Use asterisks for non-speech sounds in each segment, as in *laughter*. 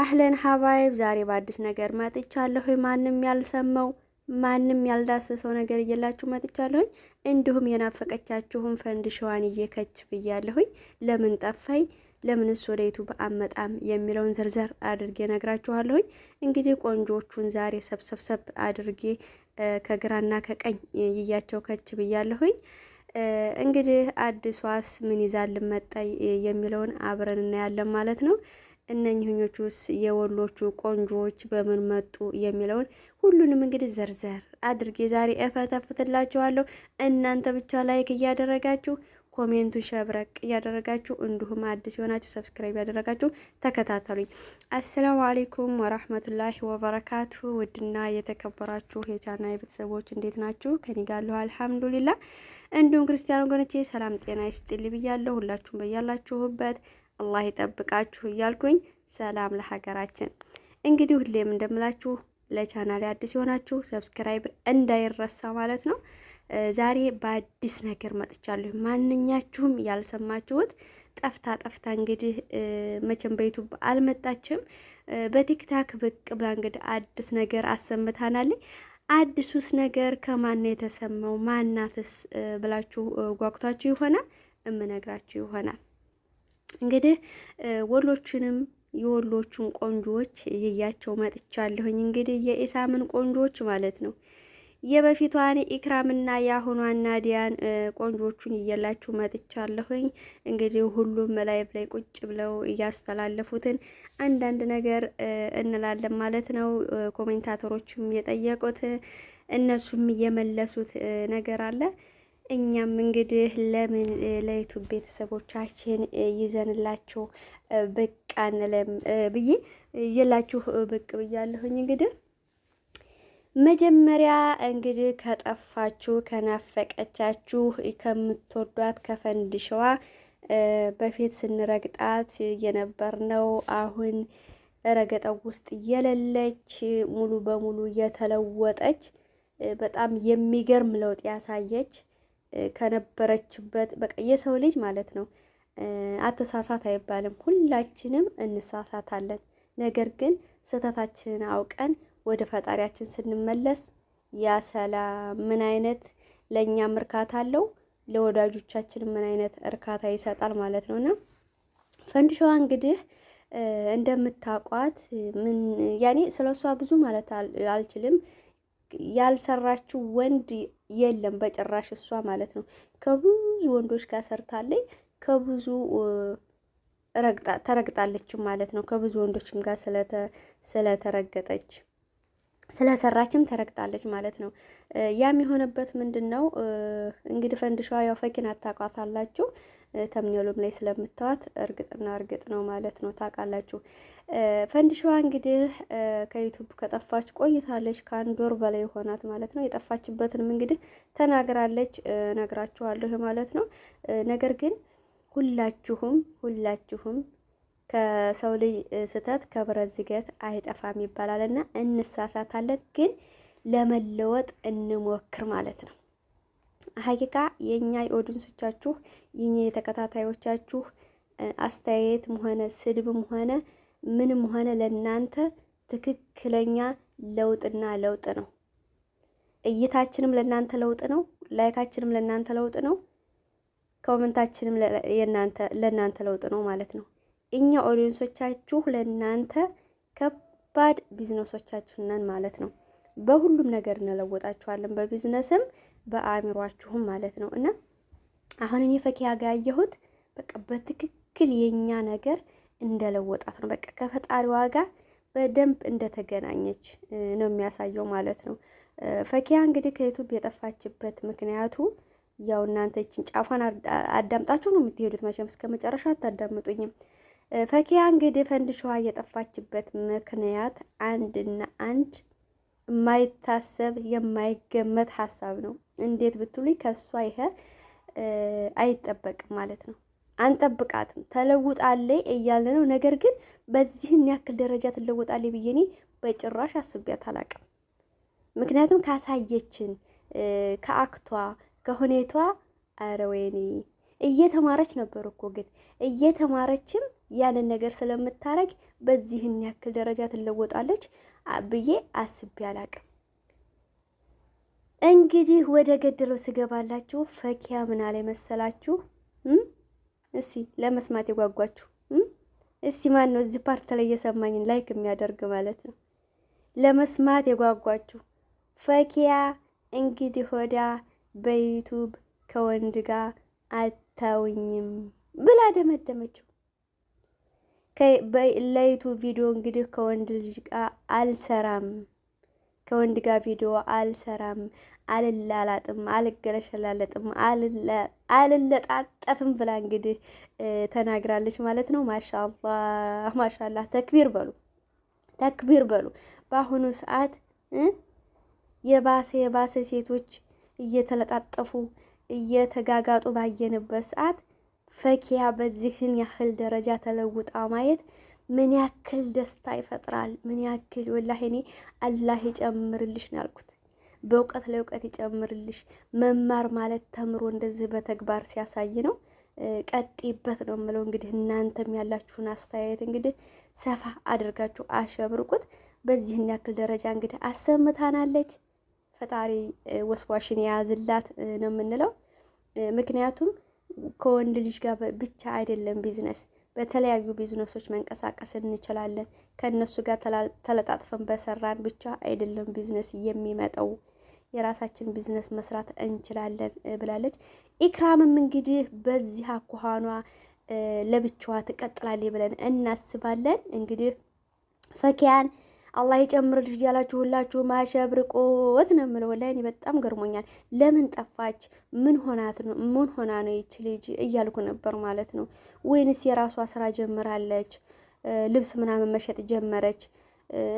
አህለን ሀባይብ ዛሬ በአዲስ ነገር መጥቻለሁ። ማንም ያልሰማው ማንም ያልዳሰሰው ነገር እየላችሁ መጥቻለሁኝ። እንዲሁም የናፈቀቻችሁን ፈንድሸዋን እየከች ብያለሁኝ። ለምን ጠፋይ ለምንስ ወደ ዩቱብ አመጣም የሚለውን ዝርዝር አድርጌ ነግራችኋለሁኝ። እንግዲህ ቆንጆቹን ዛሬ ሰብሰብሰብ አድርጌ ከግራና ከቀኝ ይያቸው ከች ብያለሁኝ። እንግዲህ አዲሷስ ምን ይዛ ልመጣ የሚለውን አብረን እናያለን ማለት ነው። እነኚህኞቹስ የወሎቹ ቆንጆዎች በምን መጡ የሚለውን ሁሉንም እንግዲህ ዘርዘር አድርጌ ዛሬ እፈተፍትላችኋለሁ። እናንተ ብቻ ላይክ እያደረጋችሁ ኮሜንቱን ሸብረቅ እያደረጋችሁ እንዲሁም አዲስ የሆናችሁ ሰብስክራይብ ያደረጋችሁ ተከታተሉኝ። አሰላሙ አሌይኩም ወራህመቱላሂ ወበረካቱ። ውድና የተከበራችሁ የቻና የቤተሰቦች እንዴት ናችሁ? ከኔ ጋለሁ አልሐምዱሊላ። እንዲሁም ክርስቲያን ወገኖቼ ሰላም ጤና ይስጥልኝ ብያለሁ። ሁላችሁም በያላችሁበት አላህ ይጠብቃችሁ እያልኩኝ ሰላም ለሀገራችን። እንግዲህ ሁሌም እንደምላችሁ ለቻናል አዲስ የሆናችሁ ሰብስክራይብ እንዳይረሳ ማለት ነው። ዛሬ በአዲስ ነገር መጥቻለሁ። ማንኛችሁም ያልሰማችሁት ጠፍታ ጠፍታ እንግዲህ መቼም በዩቱብ አልመጣችም። በቲክታክ ብቅ ብላ እንግዲህ አዲስ ነገር አሰምታናል። አዲሱስ ነገር ከማን የተሰማው ማናትስ ብላችሁ ጓጉታችሁ ይሆናል። እምነግራችሁ ይሆናል እንግዲህ ወሎችንም የወሎቹን ቆንጆዎች ይያቸው መጥቻለሁኝ። እንግዲህ የኢሳምን ቆንጆዎች ማለት ነው የበፊቷን ኢክራምና የአሁኗን ናዲያን ቆንጆቹን እየላችሁ መጥቻለሁኝ። እንግዲህ ሁሉም ላይቭ ላይ ቁጭ ብለው እያስተላለፉትን አንዳንድ ነገር እንላለን ማለት ነው። ኮሜንታተሮችም የጠየቁት እነሱም እየመለሱት ነገር አለ። እኛም እንግዲህ ለምን ለዩቱብ ቤተሰቦቻችን ይዘንላችሁ ብቅ አንለም ብዬ የላችሁ ብቅ ብያለሁኝ። እንግዲህ መጀመሪያ እንግዲህ ከጠፋችሁ ከናፈቀቻችሁ ከምትወዷት ከፈንድሸዋ በፊት ስንረግጣት የነበር ነው። አሁን ረገጠው ውስጥ የሌለች ሙሉ በሙሉ የተለወጠች በጣም የሚገርም ለውጥ ያሳየች ከነበረችበት በቃ የሰው ልጅ ማለት ነው አተሳሳት አይባልም። ሁላችንም እንሳሳታለን። ነገር ግን ስህተታችንን አውቀን ወደ ፈጣሪያችን ስንመለስ ያ ሰላም ምን አይነት ለእኛም እርካታ አለው፣ ለወዳጆቻችን ምን አይነት እርካታ ይሰጣል ማለት ነው እና ፈንድሸዋ እንግዲህ እንደምታቋት ምን ያኔ ስለሷ ብዙ ማለት አልችልም። ያልሰራችው ወንድ የለም በጭራሽ እሷ ማለት ነው። ከብዙ ወንዶች ጋር ሰርታለች፣ ከብዙ ተረግጣለችም ማለት ነው። ከብዙ ወንዶችም ጋር ስለተረገጠች ስለሰራችም ተረግጣለች ማለት ነው። ያም የሆነበት ምንድን ነው እንግዲህ ፈንድሻዋ ያው ፈኪን አታቋታላችሁ ተምኔሉም ላይ ስለምታዋት እርግጥና እርግጥ ነው ማለት ነው። ታውቃላችሁ ፈንዲሻዋ እንግዲህ ከዩቱብ ከጠፋች ቆይታለች። ከአንድ ወር በላይ ሆናት ማለት ነው። የጠፋችበትንም እንግዲህ ተናግራለች፣ ነግራችኋለሁ ማለት ነው። ነገር ግን ሁላችሁም ሁላችሁም ከሰው ልጅ ስህተት ከብረት ዝገት አይጠፋም ይባላልና እንሳሳታለን፣ ግን ለመለወጥ እንሞክር ማለት ነው። ሀቂቃ የእኛ የኦዲንሶቻችሁ የኛ የተከታታዮቻችሁ አስተያየትም ሆነ ስድብም ሆነ ምንም ሆነ ለእናንተ ትክክለኛ ለውጥና ለውጥ ነው። እይታችንም ለእናንተ ለውጥ ነው። ላይካችንም ለእናንተ ለውጥ ነው። ኮመንታችንም ለእናንተ ለውጥ ነው ማለት ነው። እኛ ኦዲንሶቻችሁ ለእናንተ ከባድ ቢዝነሶቻችን ነን ማለት ነው። በሁሉም ነገር እንለወጣችኋለን በቢዝነስም በአእምሯችሁም ማለት ነው። እና አሁን እኔ ፈኪያ ጋር ያየሁት በቃ በትክክል የኛ ነገር እንደለወጣት ነው። በቃ ከፈጣሪዋ ጋር በደንብ እንደተገናኘች ነው የሚያሳየው ማለት ነው። ፈኪያ እንግዲህ ከዩቱብ የጠፋችበት ምክንያቱ ያው እናንተ ይችን ጫፏን አዳምጣችሁ ነው የምትሄዱት። መቼም እስከ መጨረሻ አታዳምጡኝም። ፈኪያ እንግዲህ ፈንድሸዋ የጠፋችበት ምክንያት አንድና አንድ የማይታሰብ የማይገመት ሀሳብ ነው። እንዴት ብትሉኝ ከእሷ ይሄ አይጠበቅም ማለት ነው። አንጠብቃትም ተለውጣለይ እያለ ነው። ነገር ግን በዚህን ያክል ደረጃ ትለወጣለች ብዬ እኔ በጭራሽ አስቤያት አላቅም። ምክንያቱም ካሳየችን ከአክቷ ከሁኔቷ አረ ወይኔ እየተማረች ነበር እኮ ግን እየተማረችም ያንን ነገር ስለምታረግ በዚህን ያክል ደረጃ ትለወጣለች ብዬ አስቤ አላቅም። እንግዲህ ወደ ገደለው ስገባላችሁ ፈኪያ ምን አለ መሰላችሁ? እስቲ ለመስማት የጓጓችሁ እስቲ ማን ነው እዚህ ፓርት ላይ እየሰማኝን ላይክ የሚያደርግ ማለት ነው። ለመስማት የጓጓችሁ ፈኪያ እንግዲህ ሆዳ በዩቱብ ከወንድ ጋር አታውኝም ብላ ደመደመችው። ለዩቱብ ቪዲዮ እንግዲህ ከወንድ ልጅ ጋር አልሰራም ከወንድ ጋር ቪዲዮ አልሰራም፣ አልላላጥም፣ አልገለሸላለጥም፣ አልለጣጠፍም ብላ እንግዲህ ተናግራለች ማለት ነው። ማሻላ ማሻላ፣ ተክቢር በሉ ተክቢር በሉ። በአሁኑ ሰዓት የባሰ የባሰ ሴቶች እየተለጣጠፉ እየተጋጋጡ ባየንበት ሰዓት ፈኪያ በዚህን ያህል ደረጃ ተለውጣ ማየት ምን ያክል ደስታ ይፈጥራል። ምን ያክል ወላሂ እኔ አላህ ይጨምርልሽ ነው ያልኩት። በእውቀት ለእውቀት ይጨምርልሽ። መማር ማለት ተምሮ እንደዚህ በተግባር ሲያሳይ ነው። ቀጤበት ነው የምለው። እንግዲህ እናንተም ያላችሁን አስተያየት እንግዲህ ሰፋ አድርጋችሁ አሸብርቁት። በዚህን ያክል ደረጃ እንግዲህ አሰምታናለች። ፈጣሪ ወስዋሽን የያዝላት ነው የምንለው። ምክንያቱም ከወንድ ልጅ ጋር ብቻ አይደለም ቢዝነስ በተለያዩ ቢዝነሶች መንቀሳቀስ እንችላለን። ከእነሱ ጋር ተለጣጥፈን በሰራን ብቻ አይደለም ቢዝነስ የሚመጣው የራሳችን ቢዝነስ መስራት እንችላለን ብላለች። ኢክራምም እንግዲህ በዚህ አኳኗ ለብቻዋ ትቀጥላለች ብለን እናስባለን። እንግዲህ ፈኪያን አላህ ይጨምርልሽ እያላችሁ ሁላችሁ ማሸብርቆት ነው የምለው። ወላሂ እኔ በጣም ገርሞኛል። ለምን ጠፋች? ምን ሆናት ነው? ምን ሆና ነው ይች ልጅ እያልኩ ነበር ማለት ነው። ወይንስ የራሷ ስራ ጀምራለች? ልብስ ምናምን መሸጥ ጀመረች?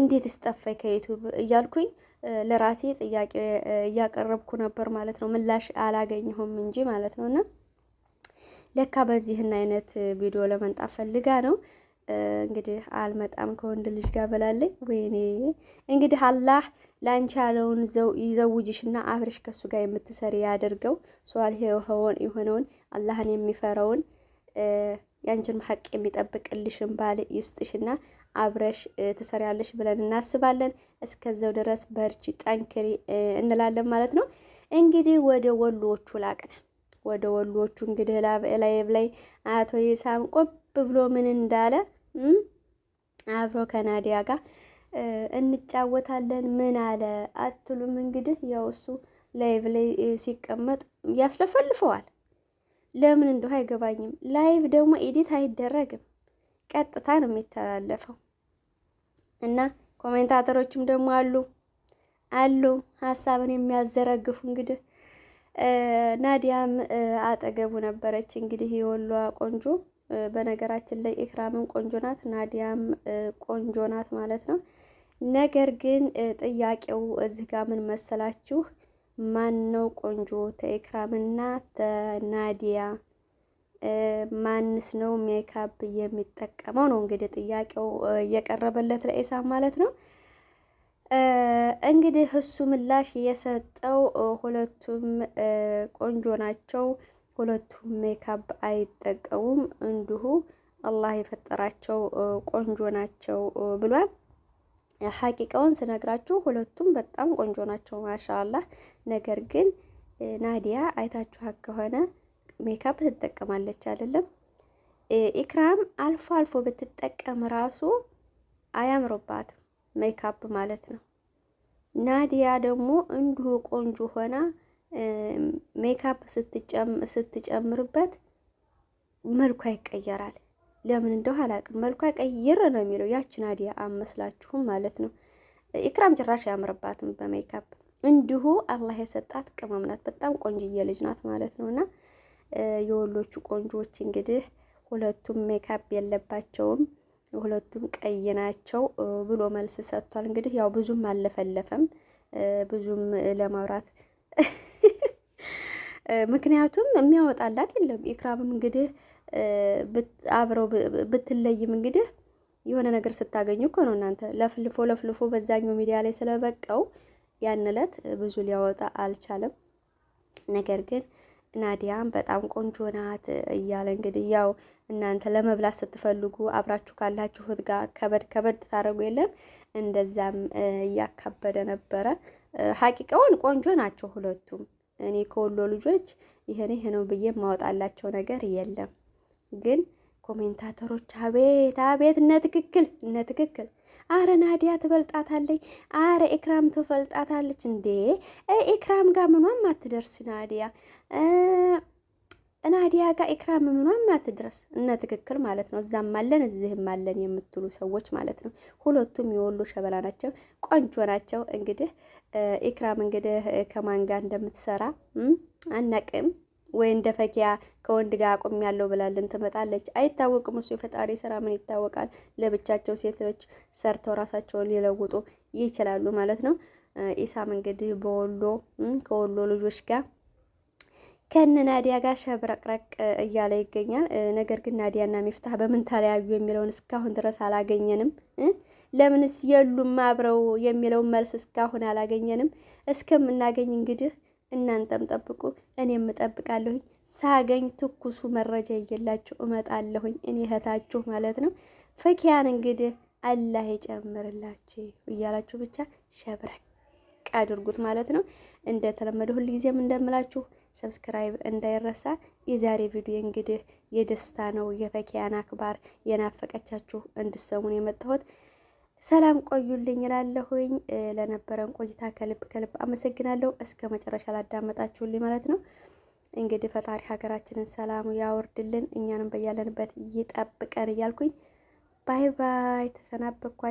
እንዴት ስጠፋይ ከዩቱብ እያልኩኝ ለራሴ ጥያቄ እያቀረብኩ ነበር ማለት ነው። ምላሽ አላገኘሁም እንጂ ማለት ነው። እና ለካ በዚህን አይነት ቪዲዮ ለመንጣፍ ፈልጋ ነው። እንግዲህ አልመጣም ከወንድ ልጅ ጋር በላለኝ። ወይኔ እንግዲህ አላህ ለአንቺ ያለውን ይዘውጅሽና አብረሽ ከሱ ጋር የምትሰሪ ያደርገው። ሷሊህ የሆነውን አላህን የሚፈራውን ያንቺን ሀቅ የሚጠብቅልሽን ባል ይስጥሽና አብረሽ ትሰሪያለሽ ብለን እናስባለን። እስከዛው ድረስ በርቺ፣ ጠንክሪ እንላለን ማለት ነው። እንግዲህ ወደ ወሎቹ ላቅነ ወደ ወሎቹ እንግዲህ ላይብ ላይ አቶ ይሳም ቆብ ብሎ ምን እንዳለ አብሮ ከናዲያ ጋር እንጫወታለን። ምን አለ አትሉም? እንግዲህ ያው እሱ ላይቭ ላይ ሲቀመጥ ያስለፈልፈዋል። ለምን እንደሆነ አይገባኝም። ላይቭ ደግሞ ኤዲት አይደረግም፣ ቀጥታ ነው የሚተላለፈው። እና ኮሜንታተሮችም ደግሞ አሉ አሉ ሀሳብን የሚያዘረግፉ እንግዲህ ናዲያም አጠገቡ ነበረች። እንግዲህ የወሏ ቆንጆ በነገራችን ላይ ኢክራምን ቆንጆ ናት፣ ናዲያም ቆንጆ ናት ማለት ነው። ነገር ግን ጥያቄው እዚህ ጋር ምን መሰላችሁ? ማን ነው ቆንጆ ተኢክራምና ተናዲያ ማንስ ነው ሜካፕ የሚጠቀመው ነው እንግዲህ ጥያቄው እየቀረበለት ለኢሳም ማለት ነው። እንግዲህ እሱ ምላሽ የሰጠው ሁለቱም ቆንጆ ናቸው ሁለቱም ሜካፕ አይጠቀሙም። እንዲሁ አላህ የፈጠራቸው ቆንጆ ናቸው ብሏል። ሀቂቃውን ስነግራችሁ ሁለቱም በጣም ቆንጆ ናቸው ማሻአላህ። ነገር ግን ናዲያ አይታችኋት ከሆነ ሜካፕ ትጠቀማለች አይደለም። ኢክራም አልፎ አልፎ ብትጠቀም ራሱ አያምርባትም ሜካፕ ማለት ነው። ናዲያ ደግሞ እንዲሁ ቆንጆ ሆና ሜካፕ ስትጨምርበት መልኳ ይቀየራል። ለምን እንደው አላውቅም፣ መልኳ ቀይር ነው የሚለው። ያችን አዲያ አመስላችሁም ማለት ነው። ኢክራም ጭራሽ አያምርባትም በሜካፕ እንዲሁ አላህ የሰጣት ቅመም ናት። በጣም ቆንጅዬ ልጅ ናት ማለት ነው። እና የወሎቹ ቆንጆዎች እንግዲህ ሁለቱም ሜካፕ የለባቸውም፣ ሁለቱም ቀይ ናቸው ብሎ መልስ ሰጥቷል። እንግዲህ ያው ብዙም አለፈለፈም ብዙም ለማውራት *laughs* ምክንያቱም የሚያወጣላት የለም። ኢክራምም እንግዲህ አብረው ብትለይም እንግዲህ የሆነ ነገር ስታገኙ እኮ ነው እናንተ ለፍልፎ ለፍልፎ በዛኛው ሚዲያ ላይ ስለበቀው ያን ዕለት ብዙ ሊያወጣ አልቻለም። ነገር ግን ናዲያም በጣም ቆንጆ ናት እያለ እንግዲህ ያው እናንተ ለመብላት ስትፈልጉ አብራችሁ ካላችሁት ጋር ከበድ ከበድ ታደረጉ የለም እንደዛም እያካበደ ነበረ። ሀቂቀውን ቆንጆ ናቸው ሁለቱም። እኔ ከወሎ ልጆች ይህን ይህ ነው ብዬ የማወጣላቸው ነገር የለም። ግን ኮሜንታተሮች አቤት አቤት እነ ትክክል እነ ትክክል አረ ናዲያ ትበልጣታለች፣ አረ ኤክራም ትበልጣታለች። እንዴ ኤክራም ጋር ምኗም አትደርስ ናዲያ ናዲያ ጋር ኢክራም ምኗም አትድረስ። እነ ትክክል ማለት ነው። እዛም አለን እዚህም አለን የምትሉ ሰዎች ማለት ነው። ሁለቱም የወሎ ሸበላ ናቸው፣ ቆንጆ ናቸው። እንግዲህ ኢክራም እንግዲህ ከማን ጋር እንደምትሰራ አናቅም። ወይ እንደ ፈኪያ ከወንድ ጋር አቁም ያለው ብላለን ትመጣለች። አይታወቅም። እሱ የፈጣሪ ስራ ምን ይታወቃል? ለብቻቸው ሴቶች ሰርተው ራሳቸውን ሊለውጡ ይችላሉ ማለት ነው። ኢሳም እንግዲህ በወሎ ከወሎ ልጆች ጋር ከነ ናዲያ ጋር ሸብረቅረቅ እያለ ይገኛል። ነገር ግን ናዲያና ሚፍታህ በምን ተለያዩ የሚለውን እስካሁን ድረስ አላገኘንም። ለምንስ የሉም አብረው የሚለውን መልስ እስካሁን አላገኘንም። እስከምናገኝ እንግዲህ እናንተም ጠብቁ፣ እኔም እጠብቃለሁኝ። ሳገኝ ትኩሱ መረጃ እየላችሁ እመጣለሁኝ። እኔ እህታችሁ ማለት ነው። ፈኪያን እንግዲህ አላህ ይጨምርላችሁ እያላችሁ ብቻ ሸብረቅ አድርጉት ማለት ነው። እንደተለመደ ጊዜም እንደምላችሁ ሰብስክራይብ እንዳይረሳ። የዛሬ ቪዲዮ እንግዲህ የደስታ ነው። የፈኪያን አክባር የናፈቀቻችሁ እንድሰሙን የመጣሁት ሰላም ቆዩልኝ እላለሁኝ። ለነበረን ቆይታ ከልብ ከልብ አመሰግናለሁ። እስከ መጨረሻ ላዳመጣችሁልኝ ማለት ነው። እንግዲህ ፈጣሪ ሀገራችንን ሰላሙ ያወርድልን፣ እኛንም በያለንበት ይጠብቀን እያልኩኝ ባይ ባይ ተሰናበኳችሁ።